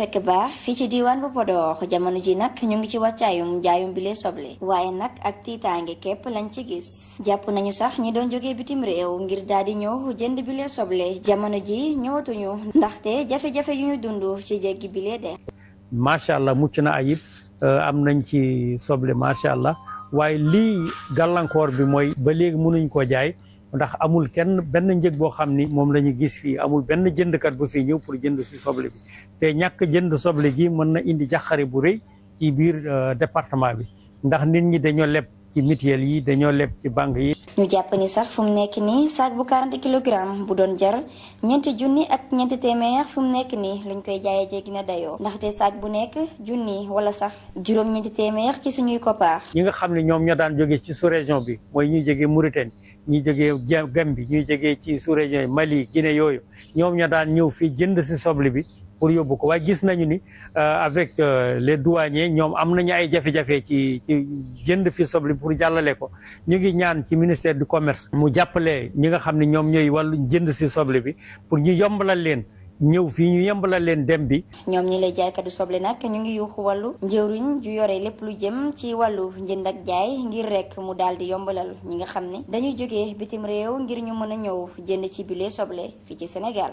fekk baax fii ci diiwaan bu Podor jamono ji nag ñu ngi ci wàccaayum jaayum bile soble waaye nag ak tiitaange képp lañ ci gis jàpp nañu sax ñi doon jógee bitim réew ngir daal di ñëw jënd bile soble jamono ji ñëwatuñu ndaxte jafe-jafe yu ñu dund ci jéggi bile de. macha allah mucc na ayib euh, am nañ ci soble macha allah waaye lii gàllankoor bi mooy ba léegi mënuñ koo jaay. ndax amul kenn benn njëg boo xam ni moom la ñu gis fii amul benn jëndkat bu fii ñëw pour jënd si soble bi te ñàkk jënd soble gi mën na indi jaxare bu rëy ci biir euh, département bi ndax nit ñi dañoo leb ci mutuelle yi dañoo leb ci banque yi. ñu jàpp ni sax fu nekk nii saak bu 40 kilogramme bu doon jar ñeenti junni ak ñeenti téeméer fu mu nekk nii luñ koy jaayee jéggi na dayoo. ndaxte saak bu nekk junni wala sax juróom ñeenti téeméer ci suñuy koppaar. ñi nga xam ne ñoom ñoo daan jóge ci sous bi mooy ñuy jóge Mauritanie. ñi jógee Gambie ñuy jógee ci sous-région Mali Guinée yooyu ñoom ñoo daan ñëw fii jënd si soble bi pour yóbbu ko waaye gis nañu ni euh, avec euh, les douaniers ñoom am nañu ay jafe-jafe ci jënd fi soble pour jàllale ko ñu ngi ñaan ci ministère du commerce mu jàppale ñi nga xam ne ñoom ñooy wàllu jënd si soble bi pour ñu yombalal leen ñëw fii ñu yembalal leen dem bi. ñoom ñi lay jaaykati soble nag ñu ngi yuuxu wàllu njëriñ ju yore lépp lu jëm ci wàllu njënd ak jaay ngir rek mu daal di yombalal ñi nga xam ni dañuy jógee bitim réew ngir ñu mën a ñëw jënd ci bille soble fii ci Sénégal.